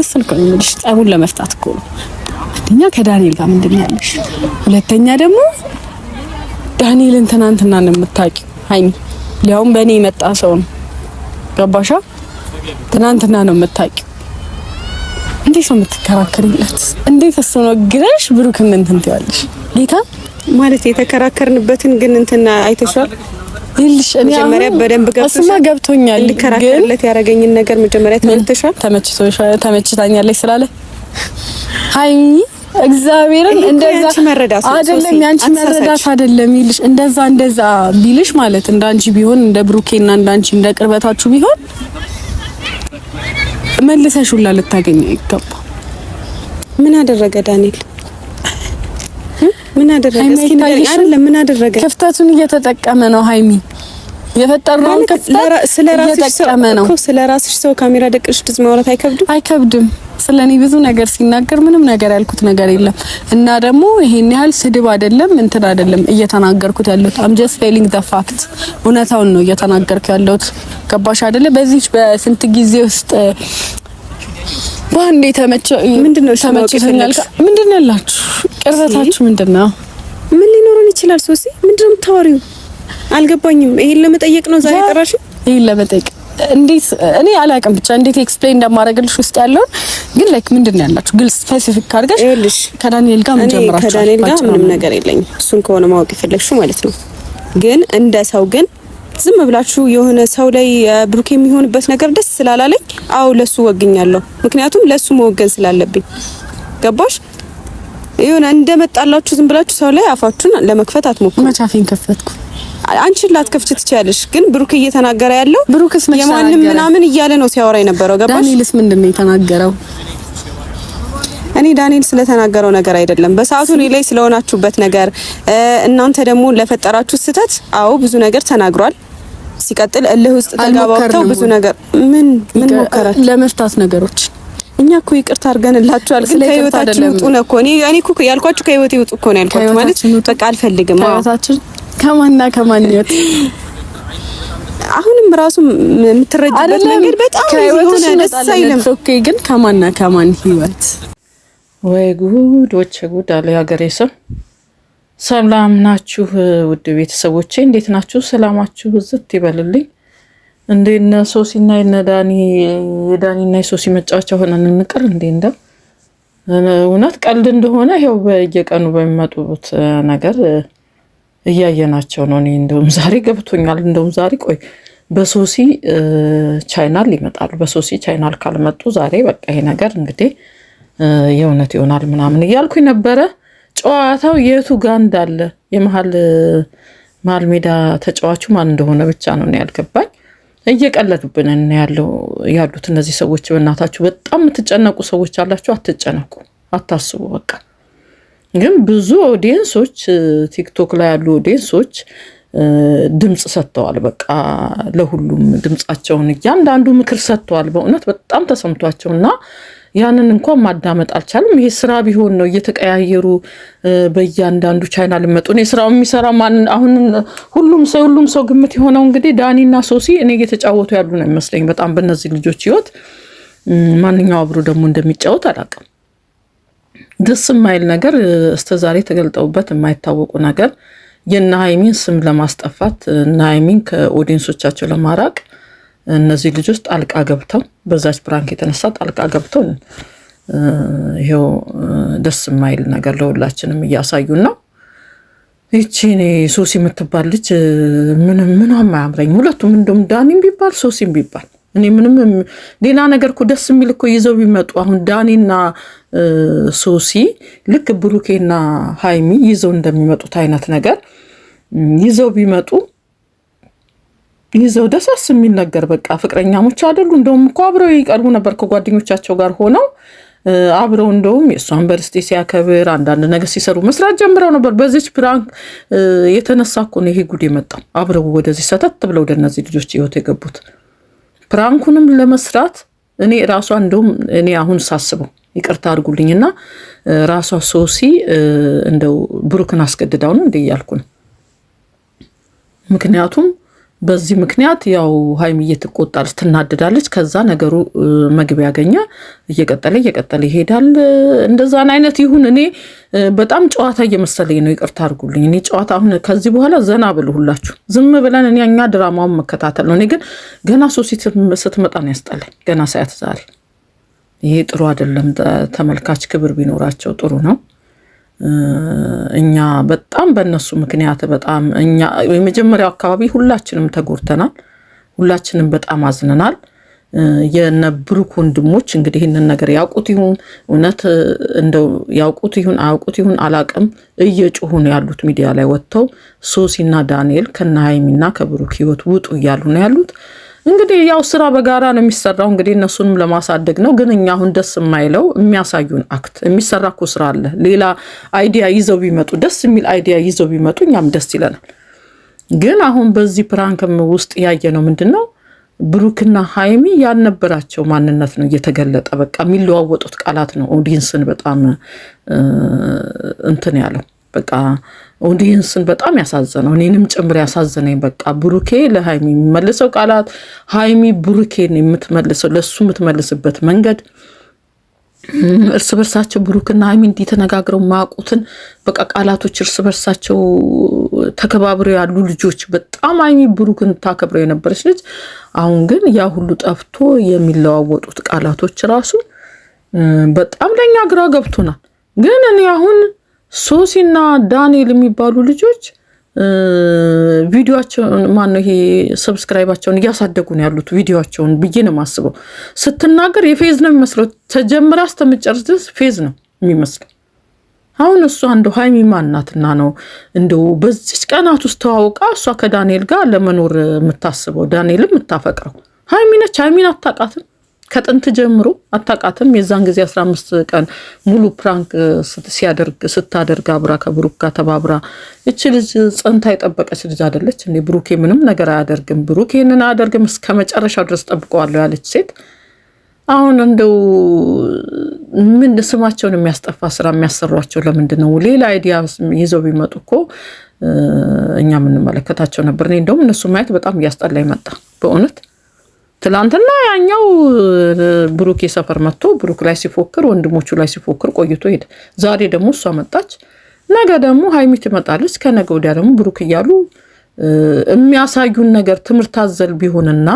ወሰንኩ ነው ጠቡን ለመፍታት እኮ ነው። አንደኛ ከዳንኤል ጋር ምንድን ነው ያለሽ? ሁለተኛ ደግሞ ዳንኤልን ትናንትና ነው የምታውቂው ሀይሚ፣ ሊያውም በእኔ የመጣ ሰው ነው። ገባሻ? ትናንትና ነው የምታውቂው። እንዴት ነው የምትከራከሪለት? እንዴት እሱ ነው ግረሽ ብሩክ ምን እንትን ትያለሽ? ጌታ ማለት የተከራከርንበትን ግን እንትና አይተሻል እሱማ ገብቶኛል። ያደረገኝን ነገር መጀመሪያ ተመችቶሻል፣ ተመችታኛለች ስላለ ሀይሚ እግዚአብሔርን እንደዛ አይደለም ያንቺ መረዳት አይደለም ይልሽ እንደዛ እንደዛ ቢልሽ ማለት እንዳንቺ ቢሆን እንደ ብሩኬና እንዳንቺ እንደ ቅርበታችሁ ቢሆን ይገባ። ምን አደረገ ዳንኤል? ምን አደረገ? እስኪ ምን አደረገ? ክፍተቱን እየተጠቀመ ነው ሀይሚ የፈጠርነውን ክፍተት እየጠቀመ ነው። ስለ ራስሽ ሰው ካሜራ ደቅሽ ድዝ ማውራት አይከብድም፣ አይከብድም። ስለ እኔ ብዙ ነገር ሲናገር ምንም ነገር ያልኩት ነገር የለም እና ደግሞ ይሄን ያህል ስድብ አይደለም እንትን አይደለም እየተናገርኩት ያለሁት አም ጀስት ቴሊንግ ዘ ፋክት እውነታውን ነው እየተናገርኩ ያለሁት። ገባሽ አይደለ? በዚህ በስንት ጊዜ ውስጥ ባንዴ ተመቸ ምንድነው ተመቸኛል። ምንድነው ያላችሁ ቅርበታችሁ ምንድነው? ምን ሊኖረን ይችላል? ሶሲ ምንድነው የምታወሪው? አልገባኝም። ይሄን ለመጠየቅ ነው ዛሬ የጠራሽው? ይሄን ለመጠየቅ እንዴት እኔ አላውቅም። ብቻ እንዴት ኤክስፕሌን እንደማደርግልሽ ውስጥ ያለውን ግን ላይክ ምንድን ነው ያላችሁ ግልጽ ስፔሲፊክ አድርገሽ ይኸውልሽ፣ ከዳንኤል ጋር ምን ጀምራችሁ? ከዳንኤል ጋር ምንም ነገር የለኝም። እሱን ከሆነ ማወቅ የፈለግሽው ማለት ነው። ግን እንደ ሰው ግን ዝም ብላችሁ የሆነ ሰው ላይ ብሩክ የሚሆንበት ነገር ደስ ስላላለኝ፣ አዎ ለሱ ወግኛለሁ። ምክንያቱም ለሱ መወገን ስላለብኝ ገባሽ? የሆነ እንደመጣላችሁ ዝም ብላችሁ ሰው ላይ አፋችሁን ለመክፈት አትሞክሩ። መቻፌን ከፈትኩ አንቺን ላትከፍች ትችያለሽ፣ ግን ብሩክ እየተናገረ ያለው ብሩክስ የማንም ምናምን እያለ ነው ሲያወራ የነበረው። ገባሽ? ዳንኤልስ ምንድን ነው የተናገረው? እኔ ዳንኤል ስለተናገረው ነገር አይደለም፣ በሰዓቱ እኔ ላይ ስለሆናችሁበት ነገር፣ እናንተ ደግሞ ለፈጠራችሁ ስህተት። አዎ ብዙ ነገር ተናግሯል። ሲቀጥል እልህ ውስጥ ተጋባብተው ብዙ ነገር ምን ምን ሞከራችሁ ለመፍታት ነገሮች እኛ እኮ ይቅርታ አድርገንላችኋል፣ ግን ከህይወታችን ውጡ ነው እኮ እኔ እኔ እኮ ያልኳችሁ ከህይወቴ ውጡ እኮ ነው ያልኳችሁ። ማለት በቃ አልፈልግም ከማንና ከማን ህይወት አሁንም ራሱ የምትረጅበት መንገድ በጣም ግን ከማንና ከማን ህይወት ወይ ጉድ ወቸ ጉድ አለ የሀገሬ ሰው። ሰላም ናችሁ ውድ ቤተሰቦቼ፣ እንዴት ናችሁ? ሰላማችሁ ዝት ይበልልኝ። እንዴ እነ ሶሲና እነ ዳኒ የዳኒና የሶሲ መጫወቻ ሆነን እንቅር እንዴ እንደ እውነት ቀልድ እንደሆነ ይኸው በየቀኑ በሚመጡት ነገር እያየናቸው ነው። እኔ እንደውም ዛሬ ገብቶኛል። እንደውም ዛሬ ቆይ በሶሲ ቻይናል ይመጣሉ። በሶሲ ቻይናል ካልመጡ ዛሬ በቃ ይሄ ነገር እንግዲህ የእውነት ይሆናል ምናምን እያልኩኝ ነበረ። ጨዋታው የቱ ጋር እንዳለ የመሀል መሀል ሜዳ ተጫዋቹ ማን እንደሆነ ብቻ ነው ያልገባኝ። እየቀለዱብን ያለው ያሉት እነዚህ ሰዎች በእናታችሁ በጣም የምትጨነቁ ሰዎች አላችሁ። አትጨነቁ፣ አታስቡ በቃ ግን ብዙ ኦዲየንሶች ቲክቶክ ላይ ያሉ ኦዲየንሶች ድምፅ ሰጥተዋል። በቃ ለሁሉም ድምፃቸውን እያንዳንዱ ምክር ሰጥተዋል። በእውነት በጣም ተሰምቷቸው እና ያንን እንኳን ማዳመጥ አልቻልም። ይሄ ስራ ቢሆን ነው እየተቀያየሩ በእያንዳንዱ ቻይና ልመጡ እኔ ስራው የሚሰራ ማን አሁን ሁሉም ሰው ሁሉም ሰው ግምት የሆነው እንግዲህ እና ሶሲ እኔ እየተጫወቱ ያሉ ነው ይመስለኝ በጣም በእነዚህ ልጆች ህይወት ማንኛው አብሮ ደግሞ እንደሚጫወት አላውቅም። ደስ የማይል ነገር እስከዛሬ ተገልጠውበት የማይታወቁ ነገር የእነ ሀይሚን ስም ለማስጠፋት እነ ሀይሚን ከኦዲየንሶቻቸው ለማራቅ እነዚህ ልጆች ጣልቃ ገብተው በዛች ብራንክ የተነሳ ጣልቃ ገብተው ይኸው ደስ የማይል ነገር ለሁላችንም እያሳዩን ነው። ይቺ እኔ ሶሲ የምትባል ልጅ ምንም ምኗም አያምረኝ። ሁለቱም እንደውም ዳኒም ቢባል ሶሲም ቢባል እኔ ምንም ሌላ ነገር እኮ ደስ የሚል እኮ ይዘው ቢመጡ አሁን ዳኒና ሶሲ ልክ ብሩኬና ሀይሚ ይዘው እንደሚመጡት አይነት ነገር ይዘው ቢመጡ ይዘው ደሳስ የሚል ነገር በቃ ፍቅረኛሞች አይደሉ። እንደውም እኮ አብረው ይቀርቡ ነበር ከጓደኞቻቸው ጋር ሆነው አብረው እንደውም የእሷን በርስቴ ሲያከብር አንዳንድ ነገር ሲሰሩ መስራት ጀምረው ነበር። በዚች ፕራንክ የተነሳ እኮ ነው ይሄ ጉድ የመጣው። አብረው ወደዚህ ሰተት ብለው ወደ እነዚህ ልጆች ህይወት የገቡት ፕራንኩንም ለመስራት እኔ ራሷ እንደውም እኔ አሁን ሳስበው ይቅርታ አድርጉልኝና ራሷ ሶሲ እንደው ብሩክን አስገድዳው ነው እንደ እያልኩ ነው ምክንያቱም በዚህ ምክንያት ያው ሀይሚ እየተቆጣች ትናደዳለች። ከዛ ነገሩ መግቢያ ያገኘ እየቀጠለ እየቀጠለ ይሄዳል። እንደዛን አይነት ይሁን። እኔ በጣም ጨዋታ እየመሰለኝ ነው። ይቅርታ አድርጉልኝ። እኔ ጨዋታ አሁን ከዚህ በኋላ ዘና ብሉ ሁላችሁ ዝም ብለን እኔ እኛ ድራማውን መከታተል ነው። እኔ ግን ገና ሶሲ ስትመጣ ነው ያስጠላኝ። ገና ሳያት ዛሬ ይሄ ጥሩ አይደለም። ተመልካች ክብር ቢኖራቸው ጥሩ ነው። እኛ በጣም በእነሱ ምክንያት በጣም እኛ የመጀመሪያው አካባቢ ሁላችንም ተጎድተናል። ሁላችንም በጣም አዝነናል። የነ ብሩክ ወንድሞች እንግዲህ ይህንን ነገር ያውቁት ይሁን እውነት እንደው ያውቁት ይሁን አያውቁት ይሁን አላቅም፣ እየጮሁ ነው ያሉት ሚዲያ ላይ ወጥተው ሶሲና ዳንኤል ከነ ሀይሚና ከብሩክ ህይወት ውጡ እያሉ ነው ያሉት። እንግዲህ ያው ስራ በጋራ ነው የሚሰራው። እንግዲህ እነሱንም ለማሳደግ ነው። ግን እኛ አሁን ደስ የማይለው የሚያሳዩን አክት የሚሰራ እኮ ስራ አለ። ሌላ አይዲያ ይዘው ቢመጡ ደስ የሚል አይዲያ ይዘው ቢመጡ እኛም ደስ ይለናል። ግን አሁን በዚህ ፕራንክም ውስጥ ያየ ነው ምንድን ነው ብሩክና ሀይሚ ያልነበራቸው ማንነት ነው እየተገለጠ። በቃ የሚለዋወጡት ቃላት ነው ኦዲንስን በጣም እንትን ያለው በቃ ኦዲየንስን በጣም ያሳዘነው እኔንም ጭምር ያሳዘነኝ በቃ ብሩኬ ለሀይሚ የሚመልሰው ቃላት ሀይሚ ብሩኬን የምትመልሰው ለእሱ የምትመልስበት መንገድ እርስ በርሳቸው ብሩክና ሀይሚ እንዲተነጋግረው ማቁትን በቃ ቃላቶች እርስ በርሳቸው ተከባብረው ያሉ ልጆች በጣም ሀይሚ ብሩክን ታከብረው የነበረች ልጅ አሁን ግን ያ ሁሉ ጠፍቶ የሚለዋወጡት ቃላቶች ራሱ በጣም ለእኛ ግራ ገብቶናል ግን እኔ አሁን ሶሲና ዳንኤል የሚባሉ ልጆች ቪዲዮቸውን ማነው ይሄ ሰብስክራይባቸውን እያሳደጉ ነው ያሉት። ቪዲዮቸውን ብዬ ነው የማስበው። ስትናገር የፌዝ ነው የሚመስለው። ተጀምረ እስከምጨርስ ፌዝ ነው የሚመስለው። አሁን እሷ እንደው ሀይሚ ማናትና ነው እንደው በዚች ቀናት ውስጥ ተዋውቃ እሷ ከዳንኤል ጋር ለመኖር የምታስበው ዳንኤልም የምታፈቅረው ሀይሚ ነች። ሀይሚን አታውቃትም። ከጥንት ጀምሮ አታቃትም የዛን ጊዜ 15 ቀን ሙሉ ፕራንክ ሲያደርግ ስታደርግ አብራ ከብሩክ ጋር ተባብራ እች ልጅ ጸንታ የጠበቀች ልጅ አይደለች እ ብሩኬ ምንም ነገር አያደርግም፣ ብሩክ ይህንን አያደርግም እስከ መጨረሻው ድረስ ጠብቀዋለሁ ያለች ሴት አሁን እንደው ምን ስማቸውን የሚያስጠፋ ስራ የሚያሰሯቸው ለምንድን ነው? ሌላ አይዲያ ይዘው ቢመጡ እኮ እኛ የምንመለከታቸው ነበር። እኔ እንደውም እነሱ ማየት በጣም እያስጠላ ይመጣ በእውነት ትላንትና ያኛው ብሩክ የሰፈር መጥቶ ብሩክ ላይ ሲፎክር ወንድሞቹ ላይ ሲፎክር ቆይቶ ሄደ። ዛሬ ደግሞ እሷ መጣች፣ ነገ ደግሞ ሀይሚ ትመጣለች፣ ከነገ ወዲያ ደግሞ ብሩክ እያሉ የሚያሳዩን ነገር ትምህርት አዘል ቢሆንና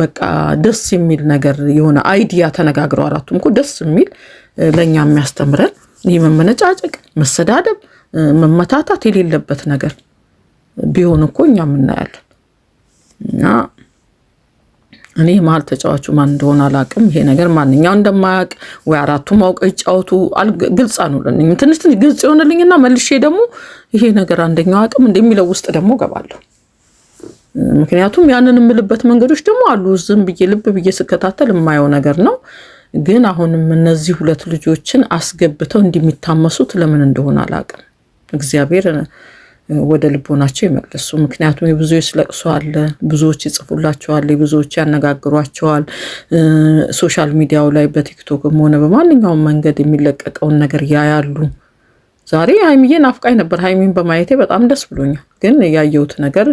በቃ ደስ የሚል ነገር የሆነ አይዲያ ተነጋግረው አራቱም እኮ ደስ የሚል ለእኛ የሚያስተምረን ይህ መመነጫጨቅ፣ መሰዳደብ፣ መመታታት የሌለበት ነገር ቢሆን እኮ እኛ የምናያለን እና እኔ የመሀል ተጫዋቹ ማን እንደሆነ አላቅም። ይሄ ነገር ማንኛው እንደማያውቅ ወይ አራቱ ማውቅ ይጫወቱ ግልጽ አኑልኝ። ትንሽ ትንሽ ግልጽ የሆነልኝና መልሼ ደግሞ ይሄ ነገር አንደኛው አቅም እንደሚለው ውስጥ ደግሞ ገባለሁ። ምክንያቱም ያንን የምልበት መንገዶች ደግሞ አሉ። ዝም ብዬ ልብ ብዬ ስከታተል የማየው ነገር ነው። ግን አሁንም እነዚህ ሁለት ልጆችን አስገብተው እንደሚታመሱት ለምን እንደሆነ አላቅም። እግዚአብሔር ወደ ልቦናቸው ይመለሱ። ምክንያቱም የብዙዎች ለቅሶ አለ፣ ብዙዎች ይጽፉላቸዋል፣ የብዙዎች ያነጋግሯቸዋል። ሶሻል ሚዲያው ላይ በቲክቶክም ሆነ በማንኛውም መንገድ የሚለቀቀውን ነገር ያያሉ። ዛሬ ሀይሚዬ ናፍቃኝ ነበር። ሀይሚን በማየቴ በጣም ደስ ብሎኛል። ግን ያየሁት ነገር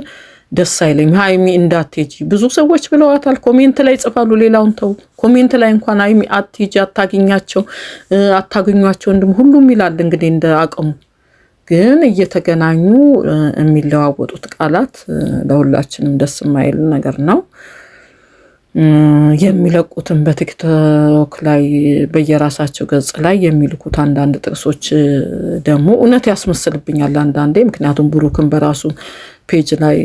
ደስ አይለኝ። ሀይሚ እንዳትሄጂ ብዙ ሰዎች ብለዋታል። ኮሜንት ላይ ይጽፋሉ። ሌላውን ተው። ኮሜንት ላይ እንኳን ሀይሚ አትሄጂ፣ አታገኛቸው፣ አታገኟቸው እንድም ሁሉም ይላል እንግዲህ እንደ አቅሙ ግን እየተገናኙ የሚለዋወጡት ቃላት ለሁላችንም ደስ የማይል ነገር ነው። የሚለቁትን በቲክቶክ ላይ በየራሳቸው ገጽ ላይ የሚልኩት አንዳንድ ጥቅሶች ደግሞ እውነት ያስመስልብኛል አንዳንዴ። ምክንያቱም ብሩክን በራሱ ፔጅ ላይ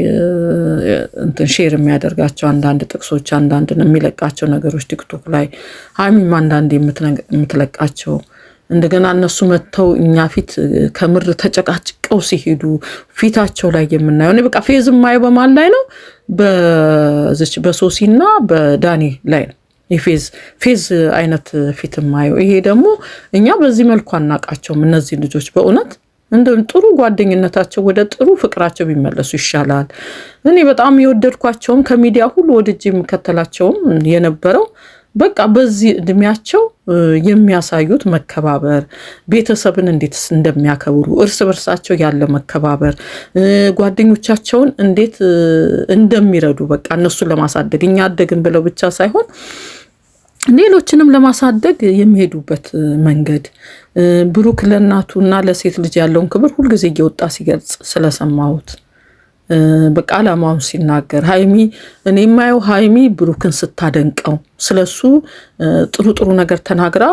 እንትን ሼር የሚያደርጋቸው አንዳንድ ጥቅሶች፣ አንዳንድ የሚለቃቸው ነገሮች ቲክቶክ ላይ ሀይሚም አንዳንዴ የምትለቃቸው እንደገና እነሱ መጥተው እኛ ፊት ከምር ተጨቃጭቀው ሲሄዱ ፊታቸው ላይ የምናየው በቃ ፌዝ ማየ በማን ላይ ነው? በዚች እና በዳኒ ላይ ነው። የፌዝ ፌዝ አይነት ፊት ማየው ይሄ ደግሞ እኛ በዚህ መልኩ አናቃቸውም። እነዚህ ልጆች በእውነት እንደም ጥሩ ጓደኝነታቸው ወደ ጥሩ ፍቅራቸው ቢመለሱ ይሻላል። እኔ በጣም የወደድኳቸውም ከሚዲያ ሁሉ ወድጄ የምከተላቸውም የነበረው በቃ በዚህ እድሜያቸው የሚያሳዩት መከባበር ቤተሰብን እንዴት እንደሚያከብሩ እርስ በርሳቸው ያለ መከባበር ጓደኞቻቸውን እንዴት እንደሚረዱ በቃ እነሱን ለማሳደግ እኛ አደግን ብለው ብቻ ሳይሆን ሌሎችንም ለማሳደግ የሚሄዱበት መንገድ ብሩክ ለእናቱ እና ለሴት ልጅ ያለውን ክብር ሁልጊዜ እየወጣ ሲገልጽ ስለሰማሁት በቃ አላማውን ሲናገር ሀይሚ እኔ የማየው ሀይሚ ብሩክን ስታደንቀው ስለሱ ጥሩ ጥሩ ነገር ተናግራ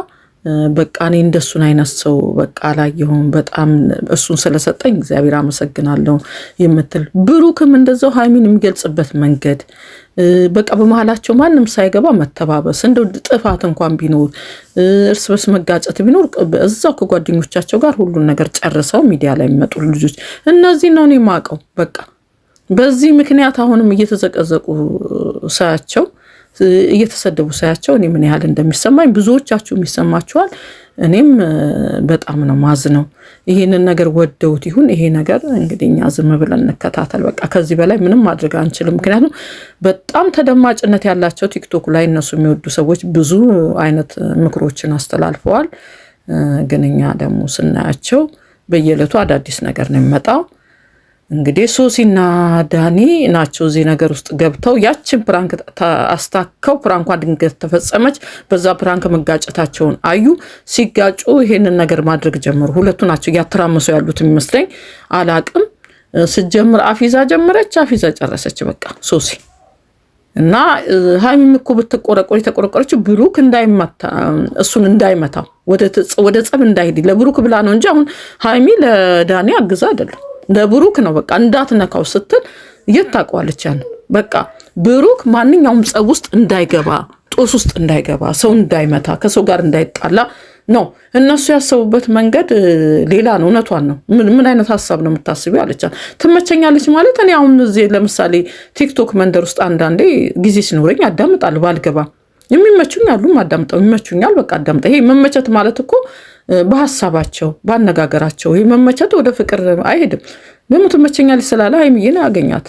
በቃ እኔ እንደሱን አይነት ሰው በቃ አላየሁም፣ በጣም እሱን ስለሰጠኝ እግዚአብሔር አመሰግናለሁ የምትል ብሩክም እንደዛው ሀይሚን የሚገልጽበት መንገድ በቃ በመሀላቸው ማንም ሳይገባ መተባበስ፣ እንደው ጥፋት እንኳን ቢኖር እርስ በርስ መጋጨት ቢኖር እዛው ከጓደኞቻቸው ጋር ሁሉን ነገር ጨርሰው ሚዲያ ላይ የሚመጡ ልጆች እነዚህ ነው እኔ የማውቀው በቃ በዚህ ምክንያት አሁንም እየተዘቀዘቁ ሳያቸው እየተሰደቡ ሳያቸው እኔ ምን ያህል እንደሚሰማኝ ብዙዎቻችሁም ይሰማችኋል። እኔም በጣም ነው ማዝ ነው። ይህንን ነገር ወደውት ይሁን ይሄ ነገር እንግዲህ እኛ ዝም ብለን እንከታተል። በቃ ከዚህ በላይ ምንም ማድረግ አንችልም። ምክንያቱም በጣም ተደማጭነት ያላቸው ቲክቶክ ላይ እነሱ የሚወዱ ሰዎች ብዙ አይነት ምክሮችን አስተላልፈዋል። ግን እኛ ደግሞ ስናያቸው በየዕለቱ አዳዲስ ነገር ነው የሚመጣው። እንግዲህ ሶሲና ዳኒ ናቸው እዚህ ነገር ውስጥ ገብተው ያችን ፕራንክ አስታከው ፕራንኳ ድንገት ተፈጸመች። በዛ ፕራንክ መጋጨታቸውን አዩ። ሲጋጩ ይሄንን ነገር ማድረግ ጀመሩ። ሁለቱ ናቸው እያተራመሱ ያሉት የሚመስለኝ አላቅም። ስጀምር አፊዛ ጀመረች፣ አፊዛ ጨረሰች። በቃ ሶሲ እና ሀይሚም እኮ ብትቆረቆር የተቆረቆረች ብሩክ እንዳይመታ እሱን እንዳይመታው ወደ ጸብ እንዳይሄድ ለብሩክ ብላ ነው እንጂ አሁን ሀይሚ ለዳኒ አግዛ አይደለም ለብሩክ ነው በቃ እንዳትነካው ስትል የት ታውቀዋለች? ያን በቃ ብሩክ ማንኛውም ጸብ ውስጥ እንዳይገባ፣ ጦስ ውስጥ እንዳይገባ፣ ሰው እንዳይመታ፣ ከሰው ጋር እንዳይጣላ ነው እነሱ ያሰቡበት መንገድ ሌላ ነው። እውነቷን ነው። ምን አይነት ሀሳብ ነው የምታስቢ አለቻት። ትመቸኛለች ማለት እኔ አሁን እዚህ ለምሳሌ ቲክቶክ መንደር ውስጥ አንዳንዴ ጊዜ ሲኖረኝ አዳምጣለሁ ባልገባ የሚመቹኝ አሉ አዳምጠው ይመቹኛል። በቃ አዳምጠ ይሄ መመቸት ማለት እኮ በሀሳባቸው ባነጋገራቸው ይህ መመቸት ወደ ፍቅር አይሄድም። ደግሞ ትመቸኛለች ስላለ ሀይሚዬን አገኛት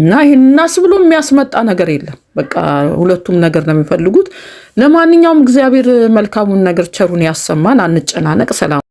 እና ይህን እናስ ብሎ የሚያስመጣ ነገር የለም። በቃ ሁለቱም ነገር ነው የሚፈልጉት። ለማንኛውም እግዚአብሔር መልካሙን ነገር ቸሩን ያሰማን። አንጨናነቅ። ሰላም